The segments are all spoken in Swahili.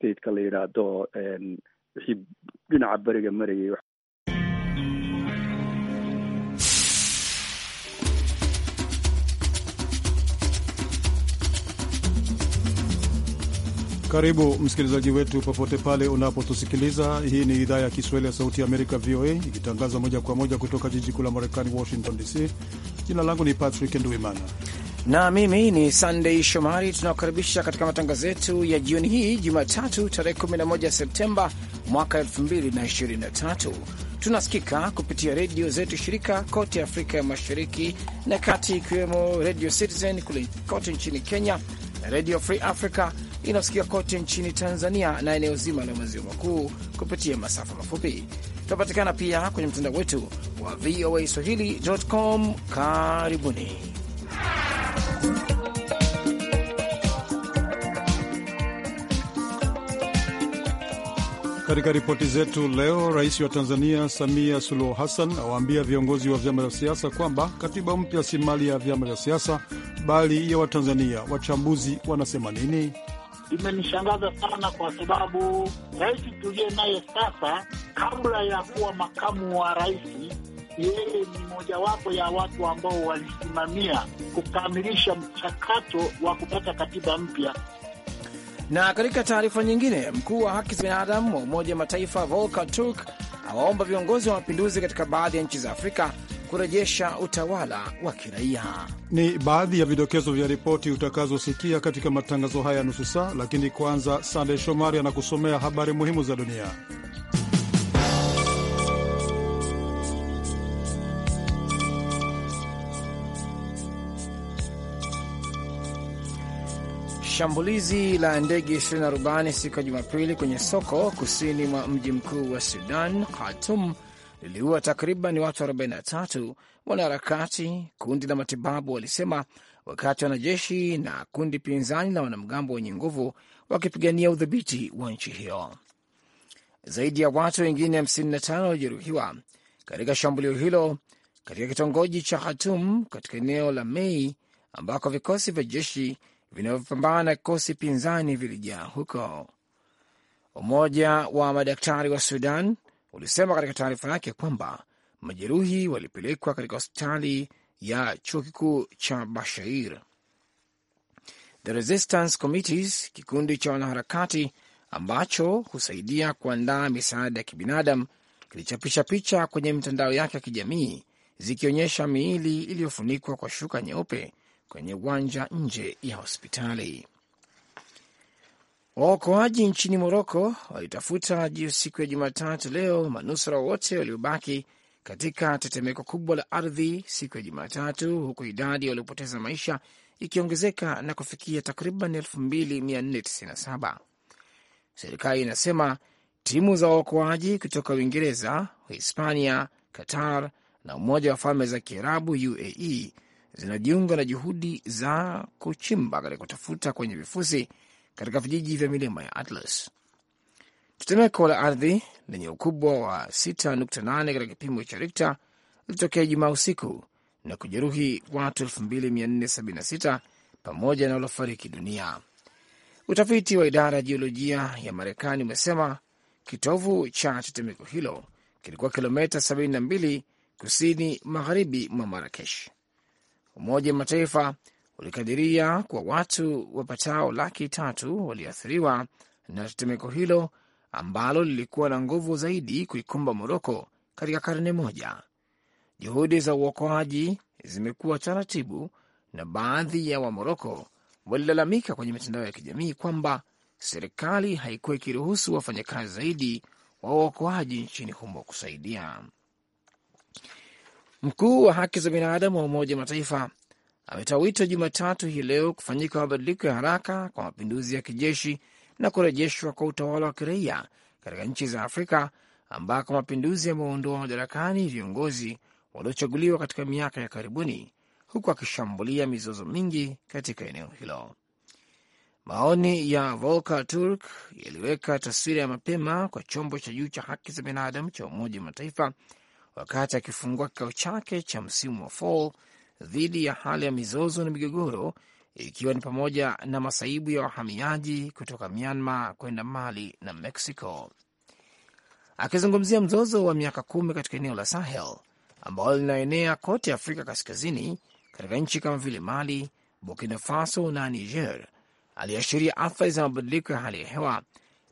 statka la yidhaahdo wixii dhinaca bariga marayay Karibu msikilizaji wetu popote pale unapotusikiliza. Hii ni idhaa ya Kiswahili ya Sauti ya Amerika, VOA, ikitangaza moja kwa moja kutoka jiji kuu la Marekani, Washington DC. Jina langu ni Patrick Nduimana na mimi ni sandei Shomari. tunaokaribisha katika matangazo yetu ya jioni hii Jumatatu, tarehe 11 Septemba mwaka 2023. Tunasikika kupitia redio zetu shirika kote Afrika ya Mashariki na Kati, ikiwemo redio Citizen kule kote nchini Kenya na redio Free Africa inayosikika kote nchini Tanzania na eneo zima la maziwa makuu kupitia masafa mafupi. Tunapatikana pia kwenye mtandao wetu wa VOA swahili.com. Karibuni. Katika ripoti zetu leo, rais wa Tanzania Samia Suluhu Hassan awaambia viongozi wa vyama vya siasa kwamba katiba mpya si mali ya vyama vya siasa bali ya Watanzania. Wachambuzi wanasema nini? Imenishangaza sana kwa sababu rais tuliye naye sasa, kabla ya kuwa makamu wa rais, yeye ni mojawapo ya watu ambao walisimamia kukamilisha mchakato wa kupata katiba mpya. Na katika taarifa nyingine, mkuu wa haki za binadamu wa Umoja wa Mataifa Volker Turk awaomba viongozi wa mapinduzi katika baadhi ya nchi za Afrika kurejesha utawala wa kiraia. Ni baadhi ya vidokezo vya ripoti utakazosikia katika matangazo haya ya nusu saa, lakini kwanza, Sandey Shomari anakusomea habari muhimu za dunia. Shambulizi la ndege isiyo na rubani siku ya Jumapili kwenye soko kusini mwa mji mkuu wa Sudan, khatum liliua takriban watu 43, wanaharakati, kundi la matibabu walisema, wakati wanajeshi na kundi pinzani la wanamgambo wenye nguvu wakipigania udhibiti wa nchi hiyo. Zaidi ya watu wengine 55 walijeruhiwa katika shambulio hilo katika kitongoji cha Khartum katika eneo la Mei ambako vikosi vya jeshi vinavyopambana na kikosi pinzani vilijaa huko. Umoja wa madaktari wa Sudan ulisema katika taarifa yake kwamba majeruhi walipelekwa katika hospitali ya chuo kikuu cha Bashair. The Resistance Committees, kikundi cha wanaharakati ambacho husaidia kuandaa misaada ya kibinadamu, kilichapisha picha kwenye mitandao yake ya kijamii zikionyesha miili iliyofunikwa kwa shuka nyeupe kwenye uwanja nje ya hospitali. Waokoaji nchini Moroko walitafuta juu siku ya Jumatatu leo manusura wote waliobaki katika tetemeko kubwa la ardhi siku ya Jumatatu, huku idadi waliopoteza maisha ikiongezeka na kufikia takriban 2497. Serikali inasema timu za waokoaji kutoka Uingereza, Hispania, Qatar na Umoja wa Falme za Kiarabu, UAE, zinajiunga na juhudi za kuchimba katika kutafuta kwenye vifusi katika vijiji vya milima ya Atlas. Tetemeko la ardhi lenye ukubwa wa 6.8 katika kipimo cha Rikta lilitokea Jumaa usiku na kujeruhi watu 2476 pamoja na waliofariki dunia. Utafiti wa idara ya jiolojia ya Marekani umesema kitovu cha tetemeko hilo kilikuwa kilomita 72 kusini magharibi mwa Marakesh. Umoja wa Mataifa ulikadiria kuwa watu wapatao laki tatu waliathiriwa na tetemeko hilo ambalo lilikuwa na nguvu zaidi kuikumba Moroko katika karne moja. Juhudi za uokoaji zimekuwa taratibu, na baadhi ya Wamoroko walilalamika kwenye mitandao ya kijamii kwamba serikali haikuwa ikiruhusu wafanyakazi zaidi wa uokoaji nchini humo kusaidia. Mkuu wa haki za binadamu wa Umoja wa Mataifa ametoa wito Jumatatu hii leo kufanyika mabadiliko ya haraka kwa mapinduzi ya kijeshi na kurejeshwa kwa utawala wa kiraia katika nchi za Afrika ambako mapinduzi yameondoa madarakani viongozi waliochaguliwa katika miaka ya karibuni, huku akishambulia mizozo mingi katika eneo hilo. Maoni ya Volker Turk yaliweka taswira ya mapema kwa chombo cha juu cha haki za binadamu cha Umoja wa Mataifa wakati akifungua kikao chake cha msimu wa fall dhidi ya hali ya mizozo na migogoro ikiwa ni pamoja na masaibu ya wahamiaji kutoka Myanmar kwenda Mali na Mexico. Akizungumzia mzozo wa miaka kumi katika eneo la Sahel ambalo linaenea kote Afrika Kaskazini, katika nchi kama vile Mali, Burkina Faso na Niger, aliashiria athari za mabadiliko ya hali ya hewa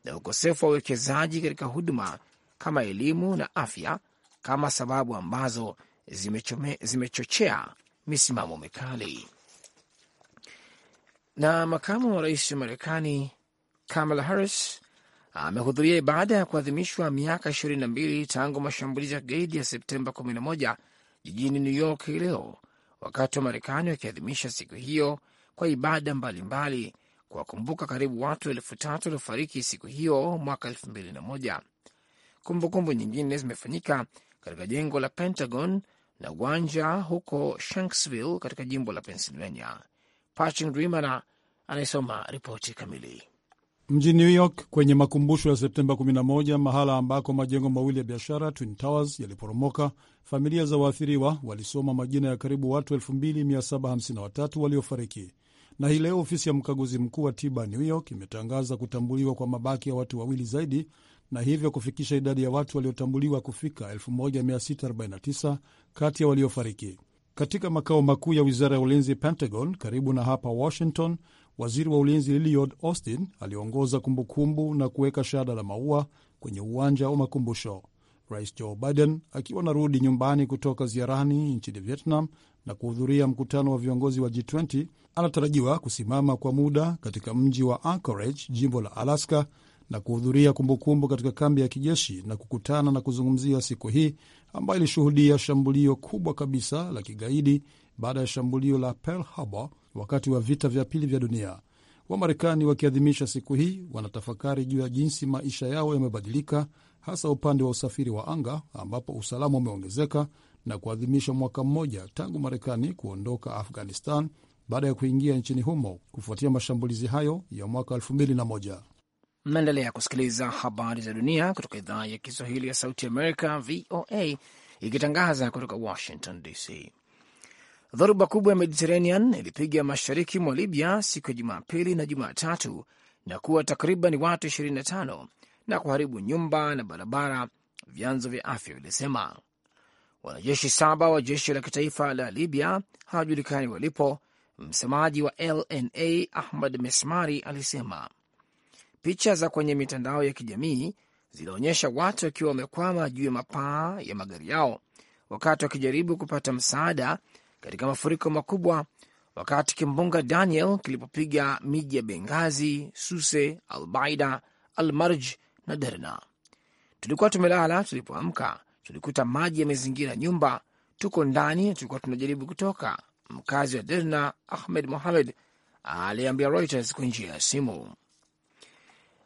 na ukosefu wa uwekezaji katika huduma kama elimu na afya kama sababu ambazo zimechome, zimechochea misimamo mikali. Na makamu wa rais wa Marekani Kamala Harris amehudhuria ibada ya kuadhimishwa miaka mbili tangu mashambulizi ya kigaidi ya Septemba 11 jijini New York hii leo, wakati wa Marekani wakiadhimisha siku hiyo kwa ibada mbalimbali kuwakumbuka karibu watu elfu tatu waliofariki siku hiyo mwaka elfu mbili na moja. Kumbukumbu nyingine zimefanyika katika jengo la Pentagon na uwanja huko Shanksville katika jimbo la Pennsylvania. Patrick Rimana anayesoma ripoti kamili. Mjini New York kwenye makumbusho ya Septemba 11, mahala ambako majengo mawili ya biashara Twin Towers yaliporomoka, familia za waathiriwa walisoma majina ya karibu watu 2753 waliofariki. Na hii leo ofisi ya mkaguzi mkuu wa tiba New York imetangaza kutambuliwa kwa mabaki ya watu wawili zaidi na hivyo kufikisha idadi ya watu waliotambuliwa kufika 1649 kati ya waliofariki. Katika makao makuu ya wizara ya ulinzi Pentagon, karibu na hapa Washington, waziri wa ulinzi Lloyd Austin aliongoza kumbukumbu na kuweka shada la maua kwenye uwanja wa makumbusho. Rais Joe Biden akiwa anarudi nyumbani kutoka ziarani nchini Vietnam na kuhudhuria mkutano wa viongozi wa G20 anatarajiwa kusimama kwa muda katika mji wa Anchorage, jimbo la Alaska, na kuhudhuria kumbukumbu katika kambi ya kijeshi na kukutana na kuzungumzia siku hii ambayo ilishuhudia shambulio kubwa kabisa la kigaidi baada ya shambulio la Pearl Harbor wakati wa vita vya pili vya dunia. Wamarekani wakiadhimisha siku hii wanatafakari juu ya jinsi maisha yao yamebadilika, hasa upande wa usafiri wa anga ambapo usalama umeongezeka na kuadhimisha mwaka mmoja tangu Marekani kuondoka Afghanistan baada ya kuingia nchini humo kufuatia mashambulizi hayo ya mwaka 2001. Mnaendelea kusikiliza habari za dunia kutoka idhaa ya Kiswahili ya Sauti Amerika, VOA, ikitangaza kutoka Washington DC. Dhoruba kubwa ya Mediterranean ilipiga mashariki mwa Libya siku ya Jumapili na Jumatatu na kuwa takriban watu 25 na kuharibu nyumba na barabara, vyanzo vya afya vilisema. Wanajeshi saba wa jeshi la kitaifa la Libya hawajulikani walipo, msemaji wa LNA Ahmad Mesmari alisema. Picha za kwenye mitandao ya kijamii zilionyesha watu wakiwa wamekwama juu ya mapaa ya magari yao wakati wakijaribu kupata msaada katika mafuriko makubwa, wakati kimbunga Daniel kilipopiga miji ya Bengazi, Suse, Albaida, Almarj na Derna. Tulikuwa tumelala, tulipoamka tulikuta maji yamezingira nyumba, tuko ndani, tulikuwa tunajaribu kutoka, mkazi wa Derna Ahmed Mohamed aliambia Reuters kwa njia ya simu.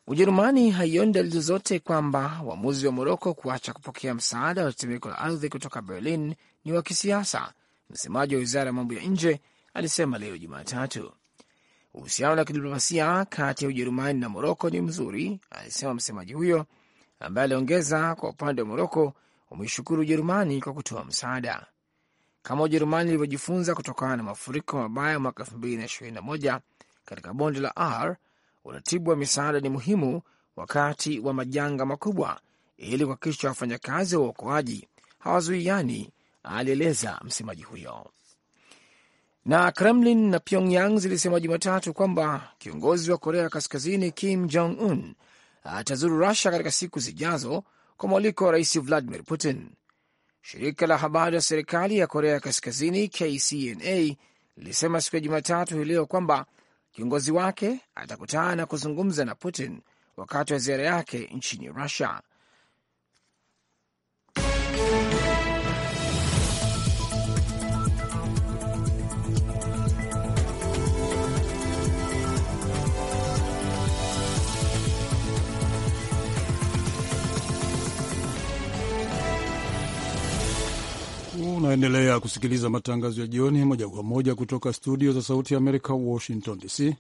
Ujerumani haioni dalili zozote kwamba uamuzi wa Moroko kuacha kupokea msaada wa tetemeko la ardhi kutoka Berlin ni wa kisiasa, msemaji wa wizara ya mambo ya nje alisema leo Jumatatu. Uhusiano na kidiplomasia kati ya Ujerumani na Moroko ni mzuri, alisema msemaji huyo, ambaye aliongeza kwa upande wa Moroko umeshukuru Ujerumani kwa kutoa msaada. Kama Ujerumani ilivyojifunza kutokana na mafuriko mabaya mwaka 221 katika bonde la r uratibu wa misaada ni muhimu wakati wa majanga makubwa ili kuhakikisha wafanyakazi wa uokoaji hawazuiani, alieleza msemaji huyo. Na Kremlin na Pyongyang zilisema Jumatatu kwamba kiongozi wa Korea Kaskazini Kim Jong Un atazuru Rusia katika siku zijazo kwa mwaliko wa Rais Vladimir Putin. Shirika la habari ya serikali ya Korea Kaskazini KCNA lilisema siku ya Jumatatu hii leo kwamba Kiongozi wake atakutana na kuzungumza na Putin wakati wa ziara yake nchini Rusia. Unaendelea kusikiliza matangazo ya jioni moja kwa moja kutoka studio za Sauti ya Amerika, Washington DC.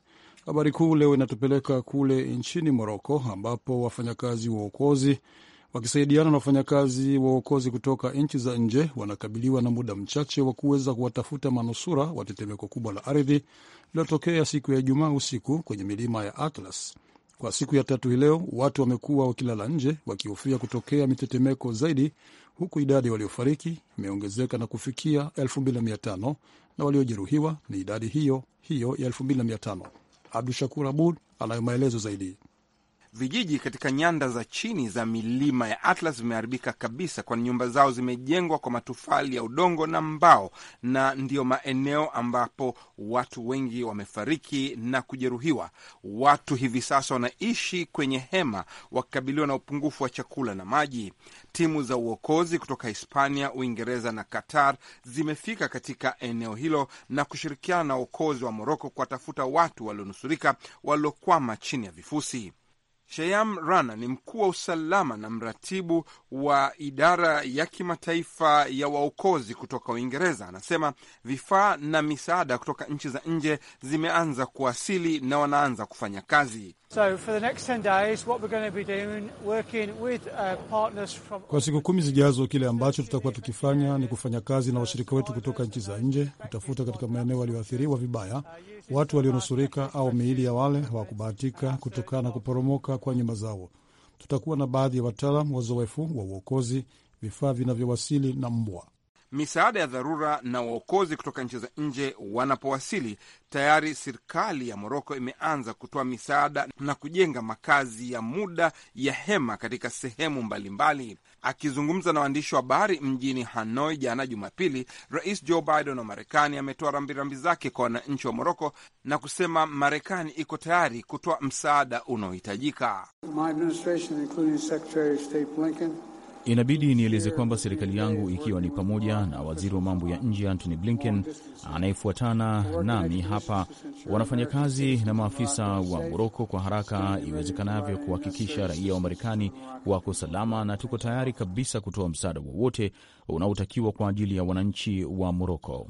Habari kuu leo inatupeleka kule nchini Moroko, ambapo wafanyakazi wa uokozi wakisaidiana na wafanyakazi wa uokozi kutoka nchi za nje wanakabiliwa na muda mchache wa kuweza kuwatafuta manusura wa tetemeko kubwa la ardhi lililotokea siku ya Ijumaa usiku kwenye milima ya Atlas. Kwa siku ya tatu hii leo watu wamekuwa wakilala nje wakihofia kutokea mitetemeko zaidi huku idadi ya waliofariki imeongezeka na kufikia 2500 na waliojeruhiwa ni idadi hiyo hiyo ya 2500. Abdu Shakur Abud anayo maelezo zaidi. Vijiji katika nyanda za chini za milima ya Atlas vimeharibika kabisa, kwani nyumba zao zimejengwa kwa matofali ya udongo na mbao, na ndiyo maeneo ambapo watu wengi wamefariki na kujeruhiwa. Watu hivi sasa wanaishi kwenye hema wakikabiliwa na upungufu wa chakula na maji. Timu za uokozi kutoka Hispania, Uingereza na Qatar zimefika katika eneo hilo na kushirikiana na uokozi wa Moroko kuwatafuta watu walionusurika waliokwama chini ya vifusi. Sheyam Rana ni mkuu wa usalama na mratibu wa idara ya kimataifa ya waokozi kutoka Uingereza. Anasema vifaa na misaada kutoka nchi za nje zimeanza kuwasili na wanaanza kufanya kazi. Uh, kwa siku kumi zijazo, kile ambacho tutakuwa tukifanya ni kufanya kazi na washirika wetu kutoka nchi za nje, kutafuta katika maeneo walioathiriwa vibaya watu walionusurika, au miili ya wale hawakubahatika kutokana na kuporomoka kwa nyumba zao. Tutakuwa na baadhi ya wataalam wazoefu wa uokozi, vifaa vinavyowasili na mbwa misaada ya dharura na waokozi kutoka nchi za nje wanapowasili. Tayari serikali ya Moroko imeanza kutoa misaada na kujenga makazi ya muda ya hema katika sehemu mbalimbali. Akizungumza na waandishi wa habari mjini Hanoi jana Jumapili, Rais Joe Biden wa Marekani ametoa rambirambi zake kwa wananchi wa Moroko na kusema Marekani iko tayari kutoa msaada unaohitajika. Inabidi nieleze kwamba serikali yangu ikiwa ni pamoja na waziri wa mambo ya nje Antony Blinken anayefuatana nami hapa, wanafanya kazi na maafisa wa Moroko kwa haraka iwezekanavyo kuhakikisha raia wa Marekani wako salama, na tuko tayari kabisa kutoa msaada wowote unaotakiwa kwa ajili ya wananchi wa Moroko.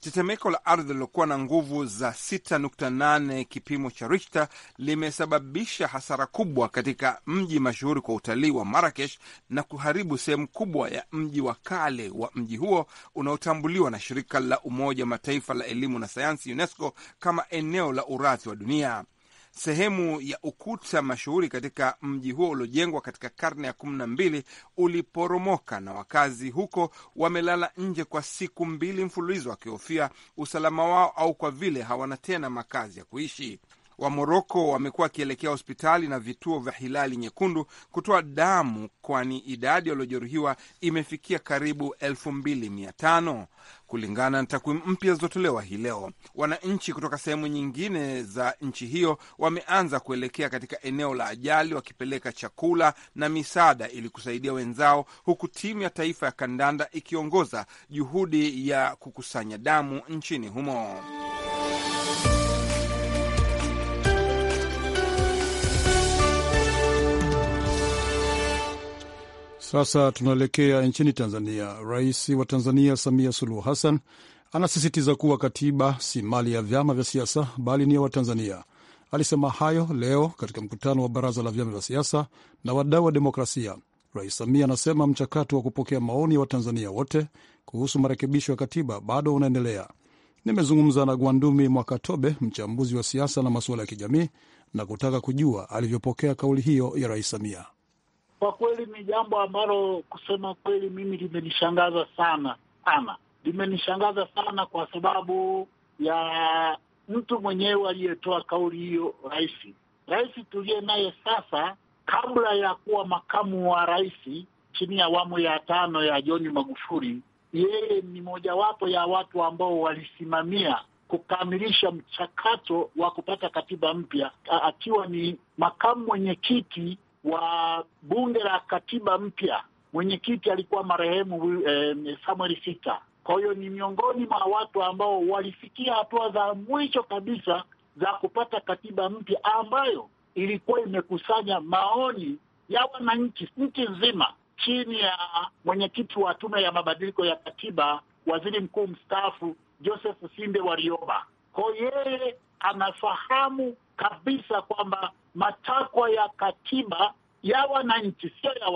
Tetemeko la ardhi lilokuwa na nguvu za 6.8 kipimo cha Richter limesababisha hasara kubwa katika mji mashuhuri kwa utalii wa Marakesh na kuharibu sehemu kubwa ya mji wa kale wa mji huo unaotambuliwa na shirika la Umoja Mataifa la elimu na sayansi UNESCO kama eneo la urathi wa dunia sehemu ya ukuta mashuhuri katika mji huo uliojengwa katika karne ya kumi na mbili uliporomoka na wakazi huko wamelala nje kwa siku mbili mfululizo wakihofia usalama wao au kwa vile hawana tena makazi ya kuishi wa Moroko wamekuwa wakielekea hospitali na vituo vya Hilali Nyekundu kutoa damu, kwani idadi waliojeruhiwa imefikia karibu 25 kulingana na takwimu mpya zilizotolewa hii leo. Wananchi kutoka sehemu nyingine za nchi hiyo wameanza kuelekea katika eneo la ajali wakipeleka chakula na misaada ili kusaidia wenzao, huku timu ya taifa ya kandanda ikiongoza juhudi ya kukusanya damu nchini humo. Sasa tunaelekea nchini Tanzania. Rais wa Tanzania Samia Suluhu Hassan anasisitiza kuwa katiba si mali ya vyama vya siasa bali ni ya Watanzania. Alisema hayo leo katika mkutano wa baraza la vyama vya siasa na wadau wa demokrasia. Rais Samia anasema mchakato wa kupokea maoni ya Watanzania wote kuhusu marekebisho ya katiba bado unaendelea. Nimezungumza na Gwandumi Mwakatobe, mchambuzi wa siasa na masuala ya kijamii, na kutaka kujua alivyopokea kauli hiyo ya Rais Samia. Kwa kweli ni jambo ambalo kusema kweli mimi limenishangaza sana sana, limenishangaza sana kwa sababu ya mtu mwenyewe aliyetoa kauli hiyo, rais rais tuliye naye sasa, kabla ya kuwa makamu wa rais chini ya awamu ya tano ya John Magufuli, yeye ni mojawapo ya watu ambao walisimamia kukamilisha mchakato wa kupata katiba mpya akiwa ni makamu mwenyekiti wa bunge la katiba mpya, mwenyekiti alikuwa marehemu eh, Samuel Sita. Kwa hiyo ni miongoni mwa watu ambao walifikia hatua za mwisho kabisa za kupata katiba mpya ambayo ilikuwa imekusanya maoni ya wananchi nchi nzima chini ya mwenyekiti wa tume ya mabadiliko ya katiba, waziri mkuu mstaafu Joseph Sinde Warioba. Kwa yeye anafahamu kabisa kwamba matakwa ya katiba ya wananchi, sio ya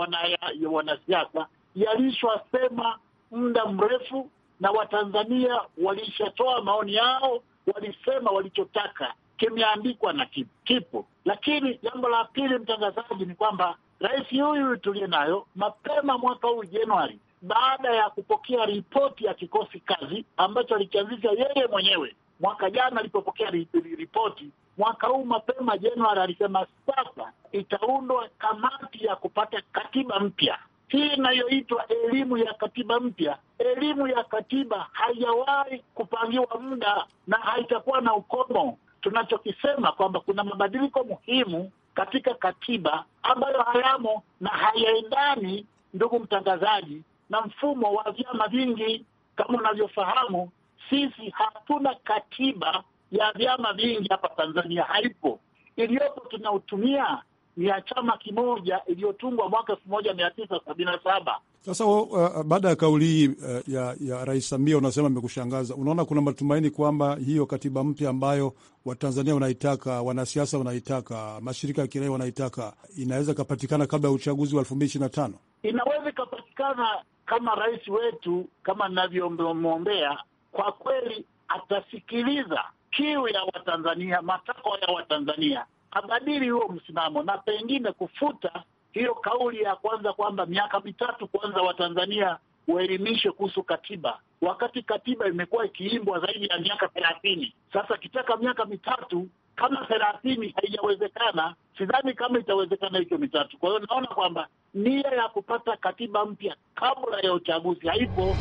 wanasiasa yalishwasema yalishasema muda mrefu, na Watanzania walishatoa maoni yao, walisema walichotaka, kimeandikwa na kipo. Lakini jambo la pili, mtangazaji, ni kwamba rais huyu tuliye nayo mapema mwaka huu Januari, baada ya kupokea ripoti ya kikosi kazi ambacho alikianzisha yeye mwenyewe Mwaka jana alipopokea ripoti, mwaka huu mapema Januari alisema sasa itaundwa kamati ya kupata katiba mpya hii inayoitwa elimu ya katiba mpya. Elimu ya katiba haijawahi kupangiwa muda na haitakuwa na ukomo. Tunachokisema kwamba kuna mabadiliko muhimu katika katiba ambayo hayamo na hayaendani, ndugu mtangazaji, na mfumo wa vyama vingi. Kama unavyofahamu, sisi hatuna katiba ya vyama vingi hapa Tanzania, haipo. Iliyopo tunautumia ni ya chama kimoja iliyotungwa mwaka elfu moja mia tisa sabini na saba. Sasa uh, uh baada ya kauli hii uh, ya, ya Rais Samia unasema imekushangaza, unaona kuna matumaini kwamba hiyo katiba mpya ambayo Watanzania wanaitaka, wanasiasa wanaitaka, mashirika ya kiraia wanaitaka, inaweza ikapatikana kabla ya uchaguzi wa elfu mbili ishirini na tano? Inaweza ikapatikana kama rais wetu, kama ninavyomwombea, kwa kweli atasikiliza kiu ya Watanzania, matakwa ya Watanzania, abadili huo msimamo na pengine kufuta hiyo kauli ya kwanza kwamba miaka mitatu kwanza Watanzania waelimishwe kuhusu katiba, wakati katiba imekuwa ikiimbwa zaidi ya miaka thelathini sasa. Kitaka miaka mitatu kama thelathini haijawezekana, sidhani kama itawezekana hicho mitatu. Kwa hiyo naona kwamba nia ya kupata katiba mpya kabla ya uchaguzi haipo.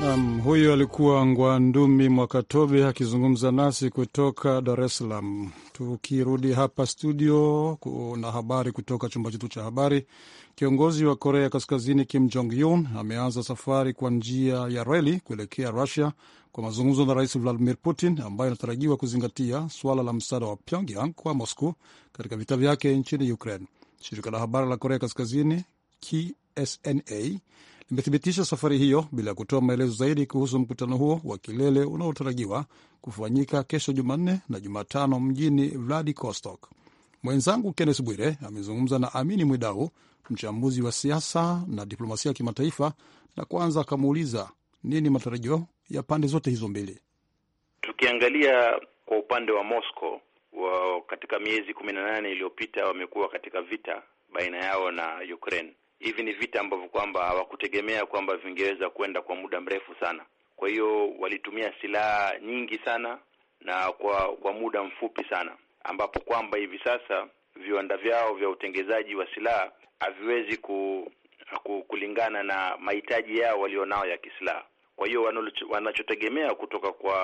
Nam huyo alikuwa Ngwandumi Mwakatobe akizungumza nasi kutoka Dar es Salaam. Tukirudi hapa studio, kuna habari kutoka chumba chetu cha habari. Kiongozi wa Korea Kaskazini Kim Jong Un ameanza safari kwa njia ya reli kuelekea Rusia kwa mazungumzo na Rais Vladimir Putin, ambayo anatarajiwa kuzingatia suala la msaada wa Pyongyang kwa Moscow katika vita vyake nchini Ukraine. Shirika la habari la Korea Kaskazini KSNA imethibitisha safari hiyo bila kutoa maelezo zaidi kuhusu mkutano huo wa kilele unaotarajiwa kufanyika kesho Jumanne na Jumatano mjini Vladivostok. Mwenzangu Kennes Bwire amezungumza na Amini Mwidau, mchambuzi wa siasa na diplomasia ya kimataifa, na kwanza akamuuliza nini matarajio ya pande zote hizo mbili. Tukiangalia kwa upande wa Moscow, wa katika miezi kumi na nane iliyopita wamekuwa katika vita baina yao na Ukraine hivi ni vita ambavyo kwamba hawakutegemea kwamba vingeweza kwenda kwa muda mrefu sana. Kwa hiyo walitumia silaha nyingi sana na kwa kwa muda mfupi sana, ambapo kwamba hivi sasa viwanda vyao vya utengezaji wa silaha haviwezi ku, ku, kulingana na mahitaji yao walionao ya kisilaha. Kwa hiyo wanachotegemea kutoka kwa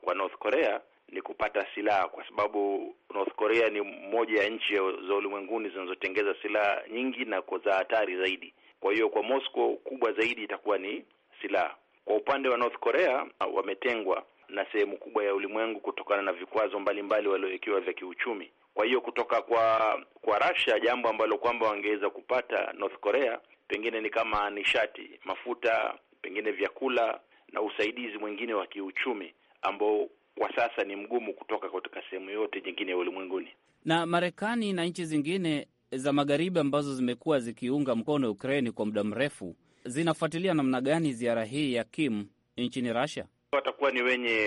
kwa North Korea ni kupata silaha, kwa sababu North Korea ni moja ya nchi za ulimwenguni zinazotengeza silaha nyingi na za hatari zaidi. Kwa hiyo kwa Moscow kubwa zaidi itakuwa ni silaha. Kwa upande wa North Korea, wametengwa na sehemu kubwa ya ulimwengu kutokana na vikwazo mbalimbali waliowekiwa vya kiuchumi. Kwa hiyo kutoka kwa kwa Russia, jambo ambalo kwamba wangeweza kupata North Korea pengine ni kama nishati, mafuta, pengine vyakula na usaidizi mwingine wa kiuchumi ambao kwa sasa ni mgumu kutoka katika sehemu yote nyingine ya ulimwenguni. Na Marekani na nchi zingine za magharibi ambazo zimekuwa zikiunga mkono Ukraini kwa muda mrefu zinafuatilia namna gani ziara hii ya Kim nchini Russia? Watakuwa ni wenye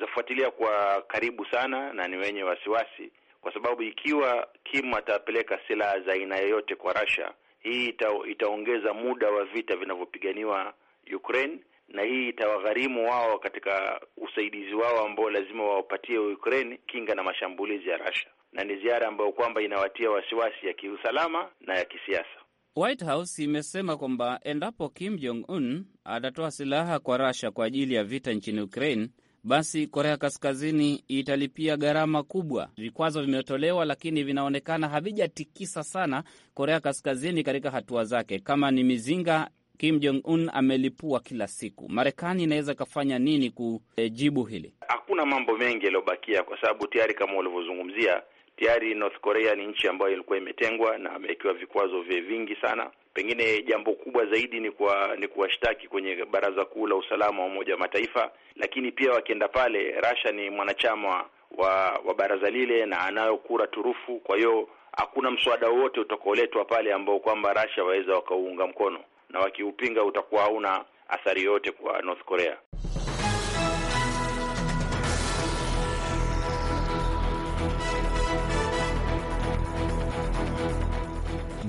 zafuatilia kwa karibu sana na ni wenye wasiwasi, kwa sababu ikiwa Kim atapeleka silaha za aina yoyote kwa Russia, hii ita, itaongeza muda wa vita vinavyopiganiwa Ukraine na hii itawagharimu wao katika usaidizi wao ambao lazima wawapatie Ukraine kinga na mashambulizi ya Russia, na ni ziara ambayo kwamba inawatia wasiwasi ya kiusalama na ya kisiasa. White House imesema kwamba endapo Kim Jong Un atatoa silaha kwa Russia kwa ajili ya vita nchini Ukraine, basi Korea Kaskazini italipia gharama kubwa. Vikwazo vimetolewa, lakini vinaonekana havijatikisa sana Korea Kaskazini katika hatua zake. Kama ni mizinga Kim Jong Un amelipua kila siku. Marekani inaweza ikafanya nini kujibu hili? Hakuna mambo mengi yaliyobakia, kwa sababu tayari kama ulivyozungumzia tayari North Korea ni nchi ambayo ilikuwa imetengwa na amewekewa vikwazo vye vingi sana. Pengine jambo kubwa zaidi ni kwa ni kuwashtaki kwenye Baraza Kuu la Usalama wa Umoja wa Mataifa, lakini pia wakienda pale, Russia ni mwanachama wa, wa baraza lile na anayo kura turufu. Kwa hiyo hakuna mswada wowote utakaoletwa pale ambao kwamba Russia waweza wakaunga mkono na wakiupinga utakuwa hauna athari yoyote kwa North Korea.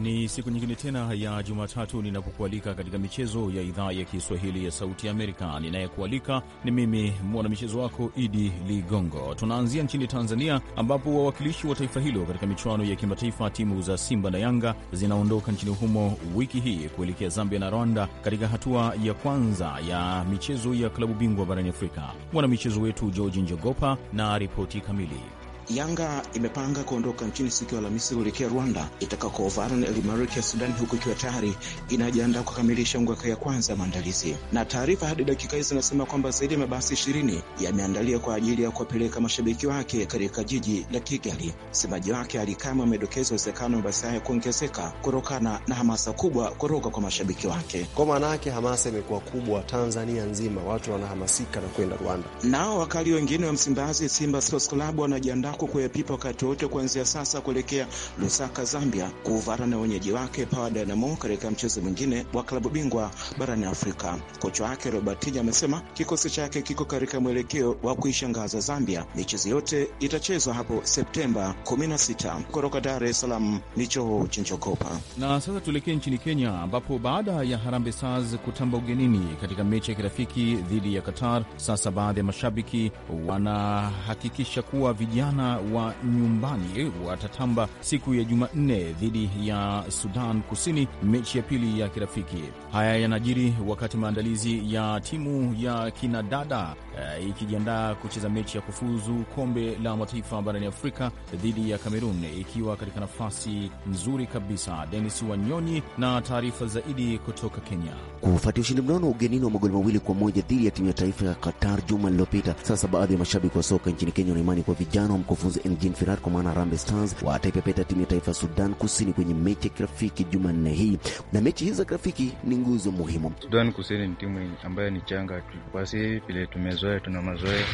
Ni siku nyingine tena ya Jumatatu ninapokualika katika michezo ya idhaa ya Kiswahili ya Sauti Amerika. Ninayekualika ni mimi mwanamichezo wako Idi Ligongo. Tunaanzia nchini Tanzania, ambapo wawakilishi wa taifa hilo katika michuano ya kimataifa, timu za Simba na Yanga zinaondoka nchini humo wiki hii kuelekea Zambia na Rwanda katika hatua ya kwanza ya michezo ya klabu bingwa barani Afrika. Mwanamichezo wetu George Njogopa na ripoti kamili. Yanga imepanga kuondoka nchini siku ya Alhamisi kuelekea Rwanda itakakoovana na Al ya Sudan, huku ikiwa tayari inajiandaa kukamilisha mwaka ya kwanza ya maandalizi. Na taarifa hadi dakika hizi zinasema kwamba zaidi ya mabasi ishirini yameandalia kwa ajili ya kuwapeleka mashabiki wake katika jiji la Kigali. Msemaji wake Alikama amedokeza uwezekano wa mabasi haya kuongezeka kutokana na hamasa kubwa kutoka kwa mashabiki wake. Kwa maana yake hamasa imekuwa kubwa Tanzania nzima, watu wanahamasika na kwenda Rwanda. Nao wakali wengine wa Msimbazi, Simba Sports Club wanajiandaa yako kuyapipa wakati wote kuanzia sasa kuelekea Lusaka, Zambia, kuuvara na wenyeji wake Power Dynamo katika mchezo mwingine wa klabu bingwa barani Afrika. Kocha wake Robert amesema kikosi chake kiko katika mwelekeo wa kuishangaza Zambia. Michezo yote itachezwa hapo Septemba 16 kutoka Dar es Salaam. Choo Chinchokopa. Na sasa tuelekee nchini Kenya, ambapo baada ya Harambee Stars kutamba ugenini katika mechi ya kirafiki dhidi ya Qatar, sasa baadhi ya mashabiki wanahakikisha kuwa vijana vijana wa nyumbani watatamba siku ya Jumanne dhidi ya Sudan Kusini, mechi ya pili ya kirafiki. Haya yanajiri wakati maandalizi ya timu ya kinadada uh, eh, ikijiandaa kucheza mechi ya kufuzu kombe la mataifa barani Afrika dhidi ya Kamerun, ikiwa katika nafasi nzuri kabisa. Denis Wanyonyi na taarifa zaidi kutoka Kenya. Kufuatia ushindi mnono ugenini wa magoli mawili kwa moja dhidi ya timu ya taifa ya Qatar juma lililopita, sasa baadhi ya mashabiki wa soka nchini Kenya wanaimani kwa vijana wa mkoa kufuzu mjini Firar, kwa maana Harambee Stars wataipepeta timu ya taifa ya Sudan Kusini kwenye mechi ya kirafiki Jumanne hii, na mechi hizi za kirafiki ni nguzo muhimu. Sudan Kusini ni timu ambayo ni changa tu, kwa si vile tumezoea, tuna mazoea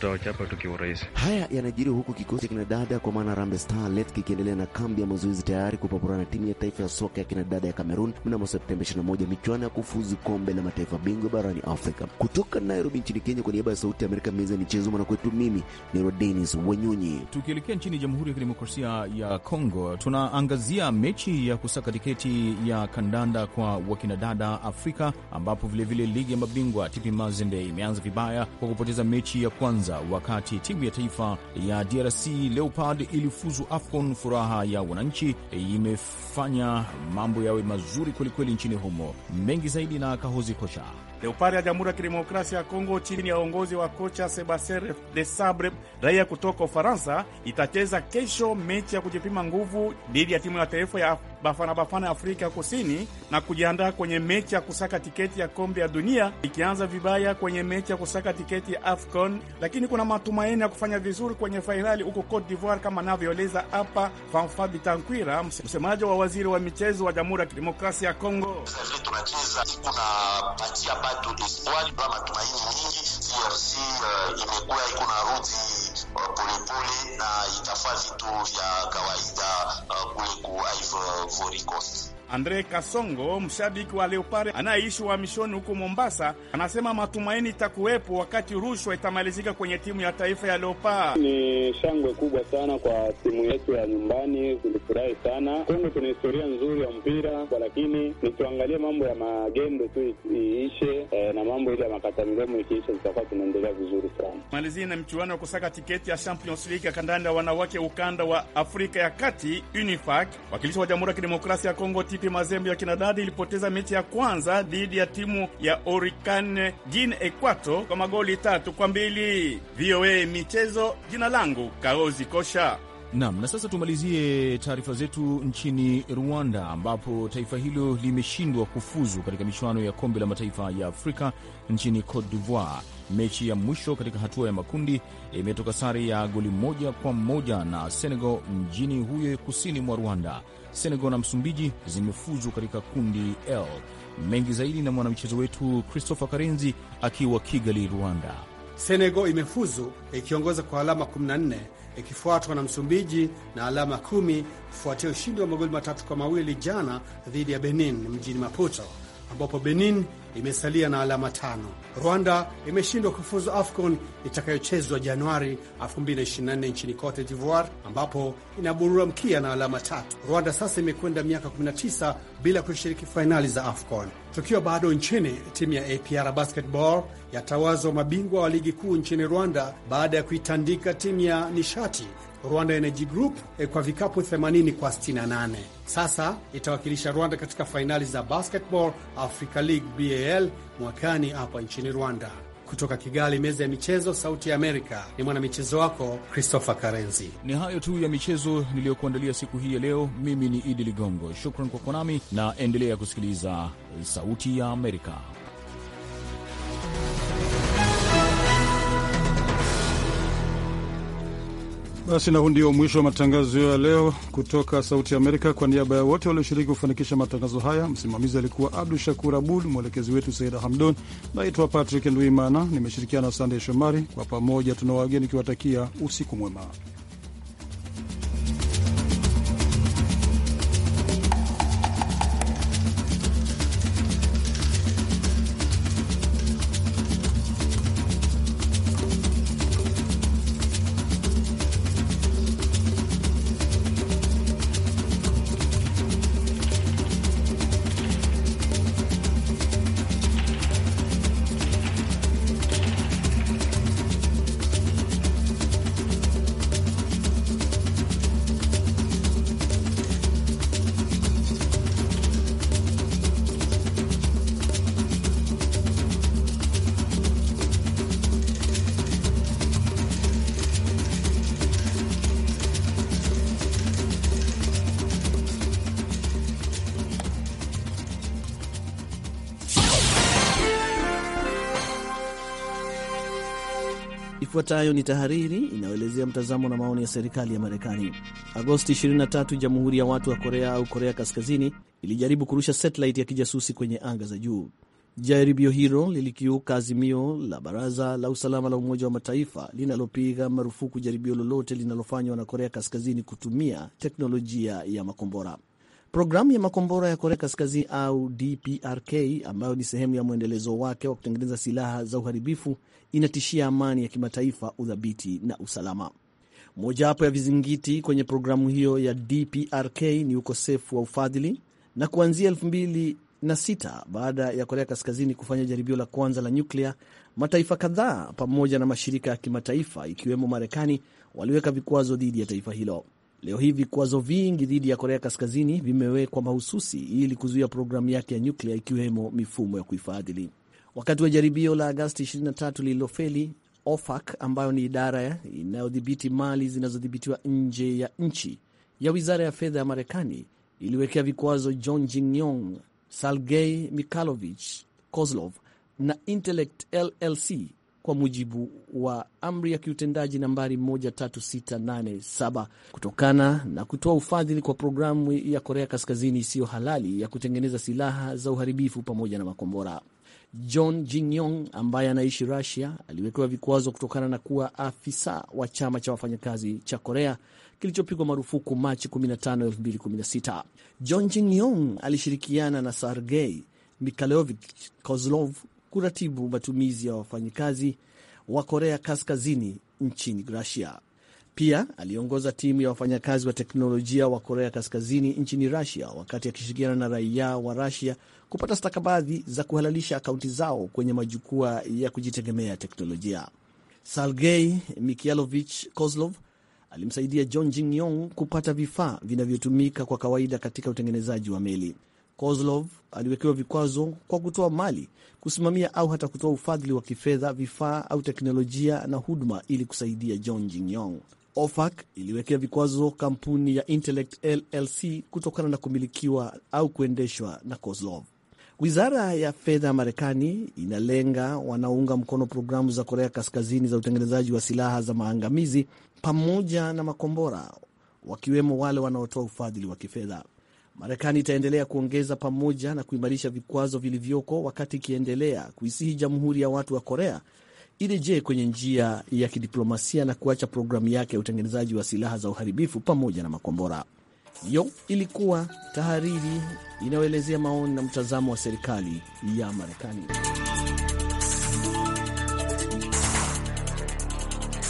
tutawachapa tukiwa urahisi Haya yanajiri huku kikosi kina dada kwa maana rambe Star Let's kikiendelea na kambi ya mazoezi tayari kupapura na timu ya taifa ya soka ya kina dada ya Cameroon mnamo Septemba 21 michuano ya kufuzu kombe la mataifa bingwa barani Afrika. Kutoka Nairobi nchini Kenya, kwa niaba ya Sauti ya Amerika, meza michezo mwanakwetu, mimi ni Rodenis Wanyonyi. Tukielekea nchini Jamhuri ya Kidemokrasia ya Kongo, tunaangazia mechi ya kusaka tiketi ya kandanda kwa wakinadada Afrika, ambapo vilevile ligi ya mabingwa TP Mazembe imeanza vibaya kwa kupoteza mechi ya kwanza kwanza wakati timu ya taifa ya DRC Leopard ilifuzu AFCON. Furaha ya wananchi imefanya mambo yawe mazuri kwelikweli nchini humo. Mengi zaidi na Kahozi Kocha. Leopari ya Jamhuri ya Kidemokrasia ya Kongo chini ya uongozi wa kocha Sebastien de Sabre, raia kutoka Ufaransa, itacheza kesho mechi ya kujipima nguvu dhidi ya timu ya taifa ya Bafana Bafana ya Afrika Kusini na kujiandaa kwenye mechi ya kusaka tiketi ya kombe ya dunia, ikianza vibaya kwenye mechi ya kusaka tiketi ya AFCON, lakini kuna matumaini ya kufanya vizuri kwenye fainali huko Cote d'Ivoire, kama anavyoeleza hapa Fanfa Bitankwira, msemaji wa waziri wa michezo wa Jamhuri ya Kidemokrasia ya Kongo espoir na matumaini mingi. DRC uh, imekuwa iko na rudi uh, polepole na itafaa vitu vya kawaida uh, kule ku Ivory Coast. Andre Kasongo, mshabiki wa Leopare anayeishi uhamishoni huko Mombasa, anasema matumaini itakuwepo wakati rushwa itamalizika kwenye timu ya taifa ya Leopare. Ni shangwe kubwa sana kwa timu yetu ya nyumbani, tulifurahi sana. Kongo tuna historia nzuri ya mpira kwa, lakini nituangalie mambo ya magendo tu iishe, e, na mambo ile ya makata midomo ikiisha, tutakuwa tunaendelea vizuri sana. Malizini na mchuano wa kusaka tiketi ya Champions League ya kandanda ya wanawake ukanda wa Afrika ya Kati, UNIFAC, wakilishi wa Jamhuri ya Kidemokrasia ya Kongo Vipi Mazembe ya kinadadi ilipoteza mechi ya kwanza dhidi ya timu ya Orikane Gine Ekwato kwa magoli tatu kwa mbili. VOA Michezo, jina langu Kaozi Kosha. Nam, na sasa tumalizie taarifa zetu nchini Rwanda, ambapo taifa hilo limeshindwa kufuzu katika michuano ya kombe la mataifa ya Afrika nchini Cote d'Ivoire. Mechi ya mwisho katika hatua ya makundi imetoka sare ya goli moja kwa moja na Senegal mjini huyo kusini mwa Rwanda. Senegal na Msumbiji zimefuzu katika kundi L. Mengi zaidi na mwanamchezo wetu Christopher Karenzi akiwa Kigali, Rwanda. Senegal imefuzu ikiongoza kwa alama 14 ikifuatwa na Msumbiji na alama 10 kufuatia ushindi wa magoli matatu kwa mawili jana dhidi ya Benin mjini Maputo, ambapo Benin imesalia na alama tano. Rwanda imeshindwa kufuzu AFCON itakayochezwa Januari 2024 nchini Cote d'Ivoire, ambapo inaburura mkia na alama tatu. Rwanda sasa imekwenda miaka 19 bila kushiriki fainali za AFCON. Tukiwa bado nchini, timu ya APR basketball yatawazwa mabingwa wa ligi kuu nchini Rwanda baada ya kuitandika timu ya Nishati Rwanda Energy Group eh, kwa vikapu 80 kwa 68. Sasa itawakilisha Rwanda katika fainali za Basketball Africa League BAL mwakani hapa nchini Rwanda. Kutoka Kigali, meza ya michezo, Sauti ya Amerika, ni mwanamichezo wako Christopher Karenzi. Ni hayo tu ya michezo niliyokuandalia siku hii ya leo. Mimi ni Idi Ligongo, shukran kwa kuwa nami na endelea kusikiliza Sauti ya Amerika. Basi na huu ndio mwisho wa matangazo ya leo kutoka Sauti Amerika. Kwa niaba ya wote walioshiriki kufanikisha matangazo haya, msimamizi alikuwa Abdu Shakur Abud, mwelekezi wetu Saida Hamdon. Naitwa Patrick Ndwimana, nimeshirikiana na Sandey Shomari. Kwa pamoja tuna wageni nikiwatakia usiku mwema. Ifuatayo ni tahariri inayoelezea mtazamo na maoni ya serikali ya Marekani. Agosti 23, Jamhuri ya Watu wa Korea au Korea Kaskazini ilijaribu kurusha satellite ya kijasusi kwenye anga za juu. Jaribio hilo lilikiuka azimio la Baraza la Usalama la Umoja wa Mataifa linalopiga marufuku jaribio lolote linalofanywa na Korea Kaskazini kutumia teknolojia ya makombora. Programu ya makombora ya Korea Kaskazini au DPRK, ambayo ni sehemu ya mwendelezo wake wa kutengeneza silaha za uharibifu, inatishia amani ya kimataifa, uthabiti na usalama. Mojawapo ya vizingiti kwenye programu hiyo ya DPRK ni ukosefu wa ufadhili, na kuanzia elfu mbili na sita baada ya Korea Kaskazini kufanya jaribio la kwanza la nyuklia, mataifa kadhaa pamoja na mashirika ya kimataifa ikiwemo Marekani waliweka vikwazo dhidi ya taifa hilo. Leo hii vikwazo vingi dhidi ya Korea Kaskazini vimewekwa mahususi ili kuzuia programu yake ya nyuklia ikiwemo mifumo ya kuhifadhili. Wakati wa jaribio la Agasti 23 lililofeli, OFAC ambayo ni idara inayodhibiti mali zinazodhibitiwa nje ya nchi ya wizara ya fedha ya Marekani iliwekea vikwazo John jinyong yong Sergei Mikhailovich Kozlov na Intellect LLC kwa mujibu wa amri ya kiutendaji nambari 13687 kutokana na kutoa ufadhili kwa programu ya Korea Kaskazini isiyo halali ya kutengeneza silaha za uharibifu pamoja na makombora. John Jinyong ambaye anaishi rasia aliwekewa vikwazo kutokana na kuwa afisa wa chama cha wafanyakazi cha Korea kilichopigwa marufuku Machi 15, 2016. John Jinyong alishirikiana na Sergei Mikhailovich Kozlov kuratibu matumizi ya wafanyikazi wa Korea Kaskazini nchini Rusia. Pia aliongoza timu ya wafanyakazi wa teknolojia wa Korea Kaskazini nchini Rusia wakati akishirikiana na raia wa rasia kupata stakabadhi za kuhalalisha akaunti zao kwenye majukwaa ya kujitegemea teknolojia. Sergei Mikhailovich Kozlov alimsaidia John Jin Yong kupata vifaa vinavyotumika kwa kawaida katika utengenezaji wa meli. Kozlov aliwekewa vikwazo kwa kutoa mali, kusimamia au hata kutoa ufadhili wa kifedha, vifaa au teknolojia na huduma ili kusaidia John Jinyong. OFAC iliwekea vikwazo kampuni ya Intellect LLC kutokana na kumilikiwa au kuendeshwa na Kozlov. Wizara ya fedha ya Marekani inalenga wanaounga mkono programu za Korea Kaskazini za utengenezaji wa silaha za maangamizi pamoja na makombora, wakiwemo wale wanaotoa ufadhili wa kifedha. Marekani itaendelea kuongeza pamoja na kuimarisha vikwazo vilivyoko wakati ikiendelea kuisihi Jamhuri ya Watu wa Korea irejee kwenye njia ya kidiplomasia na kuacha programu yake ya utengenezaji wa silaha za uharibifu pamoja na makombora. Hiyo ilikuwa tahariri inayoelezea maoni na mtazamo wa serikali ya Marekani.